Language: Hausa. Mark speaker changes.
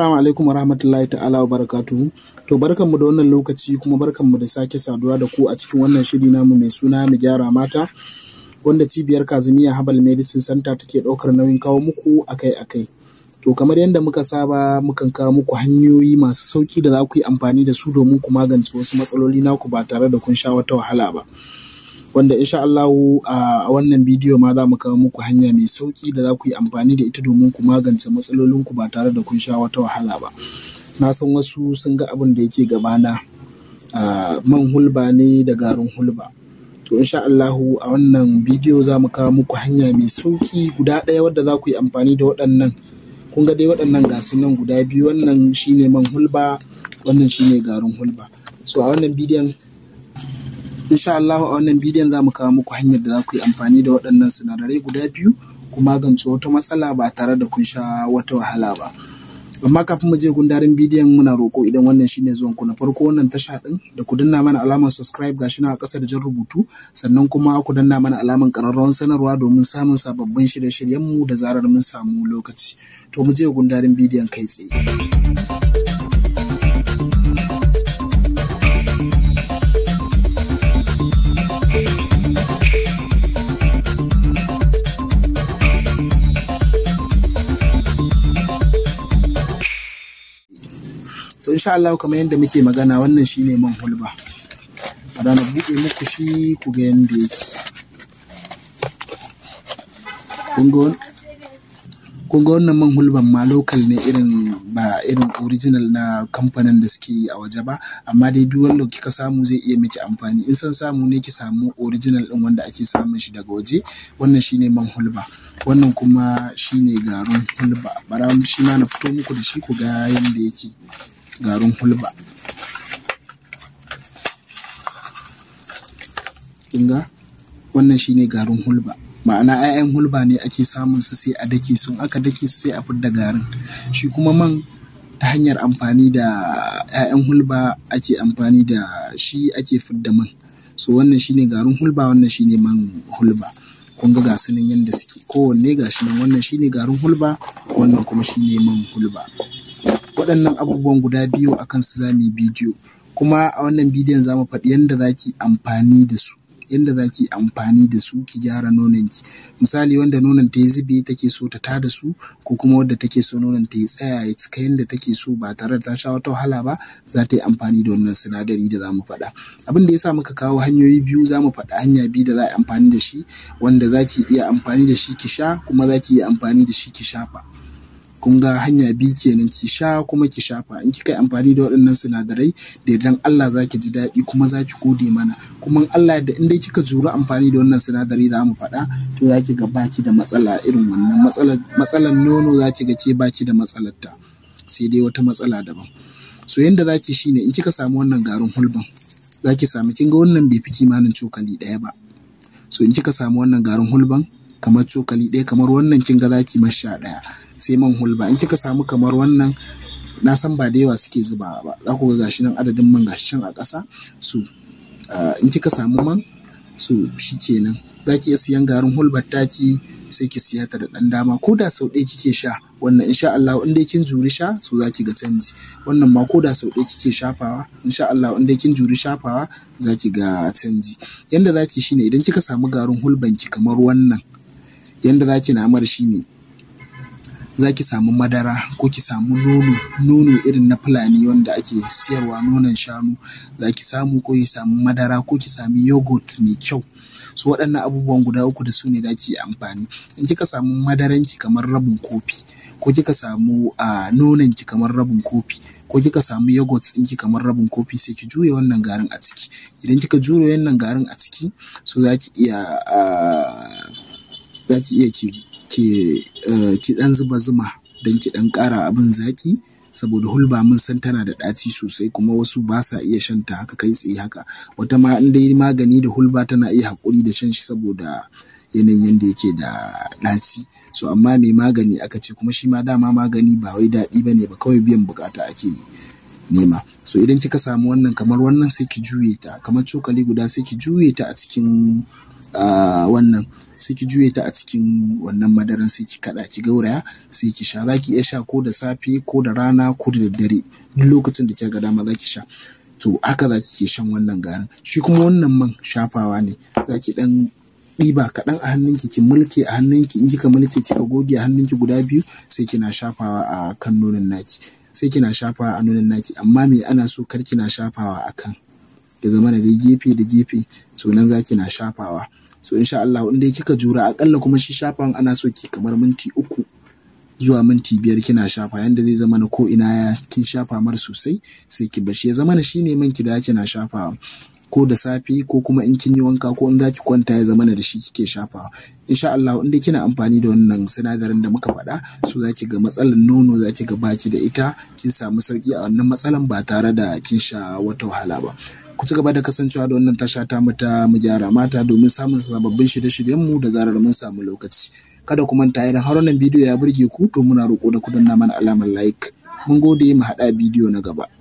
Speaker 1: Assalamu alaikum wa rahmatullahi ta'ala wa barakatuhu. To barkanmu da wannan lokaci kuma mu da sake saduwa da ku a cikin wannan shiri namu mai suna mu gyara mata wanda cibiyar Kazumiya Habal Medicine Center take ɗaukar nauyin kawo muku akai-akai. To kamar yadda muka saba mukan kawo muku hanyoyi masu sauki da za ku yi amfani da su domin ku magance wasu matsaloli naku ba tare da kun sha wata wahala ba. wanda insha Allah a wannan bidiyo ma za mu kawo muku hanya mai sauki da za ku yi amfani da ita domin ku magance matsalolinku ba tare da kun sha wata wahala ba na san wasu sun ga abin da yake gabana man hulba ne da garin hulba to insha Allah a wannan bidiyo za mu kawo muku hanya mai sauki guda ɗaya wadda za ku yi amfani da waɗannan kun ga dai waɗannan gasu nan guda biyu wannan shine man hulba wannan shine garin hulba so a wannan bidiyon insha Allah a wannan bidiyon za mu kawo muku hanyar da za ku yi amfani da waɗannan sinadarai guda biyu ku magance wata matsala ba tare da kun sha wata wahala ba amma kafin mu je gundarin bidiyon muna roƙo idan wannan shine zuwan ku na farko wannan tasha din da ku danna mana alamar subscribe gashi na a ƙasa da jan rubutu sannan kuma ku danna mana alamar ƙararrawar sanarwa domin samun sababbin shirye-shiryen mu da zarar mun samu lokaci to mu je gundarin bidiyon kai tsaye to insha Allah kamar yadda muke magana wannan shine man hulba bara na buɗe muku shi ku ga yadda yake kun ga wannan man hulban ma lokal ne irin ba irin original na kamfanin da suke a waje ba amma dai duk wanda kika samu zai iya miki amfani in san samu ne ki samu original din wanda ake samun shi daga waje wannan shine man hulba wannan kuma shine garin hulba bara shi ma na fito muku da shi ku ga yadda yake garin hulba kinga wannan shine garin hulba ma'ana 'ya'yan hulba ne ake samun su sai a dake sun aka dake su sai a fidda garin shi kuma man ta hanyar amfani da 'ya'yan hulba ake amfani da shi ake fidda man so wannan shine garin hulba wannan shine man hulba kun ga gasu nan yadda suke kowanne gashi nan wannan shine garin hulba wannan kuma shine man hulba waɗannan abubuwan guda biyu a kansu za mu yi bidiyo kuma a wannan bidiyon za mu faɗi yadda za ki amfani da su yadda za ki amfani da su ki gyara nononki misali wanda nonon ta yi zube take so ta ta da su ko kuma wanda take so nonon ta yi tsaya ya cika yadda take so ba tare da ta sha wata wahala ba za ta yi amfani da wannan sinadari da za mu faɗa abin da ya sa muka kawo hanyoyi biyu za mu faɗa hanya biyu da za a amfani da shi wanda za ki iya amfani da shi ki sha kuma za ki iya amfani da shi ki shafa kun ga hanya biyu kenan ki sha kuma ki shafa in kika yi amfani da waɗannan sinadarai da idan Allah za ki ji daɗi kuma za ki gode mana kuma Allah da in dai kika juri amfani da wannan sinadarai za mu faɗa to za ki ga baki da matsala irin wannan matsalar nono za ki ga ce baki da matsalar ta sai dai wata matsala daban so yanda za ki shine in kika samu wannan garin hulban za ki samu kin wannan bai fi kimanin cokali ɗaya ba so in kika samu wannan garin hulban kamar cokali ɗaya kamar wannan kin ga za ki masha ɗaya sai man hulba in kika samu kamar wannan na san ba da yawa suke zuba ba za ku ga gashi nan adadin man gashi can a ƙasa su ah, in kika samu man su shi kenan za ki iya siyan garin hulbar taki sai ki siya ta da ɗan dama ko da sau ɗaya kike sha wannan insha Allah in dai kin juri sha su za ki ga canji wannan ma ko da sau ɗaya kike shafawa insha Allah in dai kin juri shafawa za ki ga canji yanda za ki shine idan kika samu garin hulban ki kamar wannan yanda za ki namar shine za ki samu madara ko ki samu nono nono irin na fulani wanda ake siyarwa nonon shanu za ki samu ko ki samu madara ko ki samu yogurt mai kyau su waɗannan abubuwan guda uku da su ne za ki amfani in kika samu madaranki kamar rabin kofi ko kika samu a nononki kamar rabin kofi ko kika samu yogurt ɗinki kamar rabin kofi sai ki juya wannan garin a ciki idan kika juya wannan garin a ciki so za ki iya za ki iya ki ke eh, ki dan zuba zuma don ki dan kara abin zaki saboda hulba mun san tana da ɗaci sosai kuma wasu ba sa iya shan ta haka kai tsaye haka wata ma in dai magani da hulba tana iya haƙuri da shan shi saboda yanayin yadda yake da ɗaci so amma mai magani aka ce kuma shi ma dama magani ba wai daɗi ba ne ba kawai biyan bukata ake nema so idan kika samu wannan kamar wannan sai ki juye ta kamar cokali guda sai ki juye ta a cikin ah, wannan sai ki juye ta a cikin wannan madaran sai ki kada ki gauraya sai ki sha za ki iya sha ko da safe ko da rana ko da daddare duk lokacin da kika ga dama za ki sha to haka za ki ke shan wannan garin shi kuma wannan man shafawa ne za ki dan ɗiba kaɗan a hannunki ki mulke a hannunki in kika mulke kika goge a hannunki guda biyu sai kina shafawa a kan nonon naki sai kina shafawa a nonon naki amma me ana so kar kina shafawa a kan Da zama da gefe da gefe to nan za kina shafawa so insha Allah in dai kika jura akalla kuma shi shafan ana so ki kamar minti uku zuwa minti biyar kina shafa yanda zai zama na ko ina kin shafa mar sosai sai ki bashi ya zama na shine man ki da kina shafa ko da safe ko kuma in kin yi wanka ko in zaki kwanta ya zama da shi kike shafa insha Allah in dai kina amfani da wannan sinadarin da muka faɗa so zaki ga matsalan nono zaki ga baki da ita kin samu sauki a wannan matsalan ba tare da kin sha wata wahala ba ku ci gaba da kasancewa da wannan tasha ta mu ta mu gyara mata domin samun sababbin shirye mu da zarar mun samu lokaci kada ku manta idan har wannan bidiyo ya burge ku to muna roƙo da ku danna mana alamar like mun gode mu haɗa bidiyo na gaba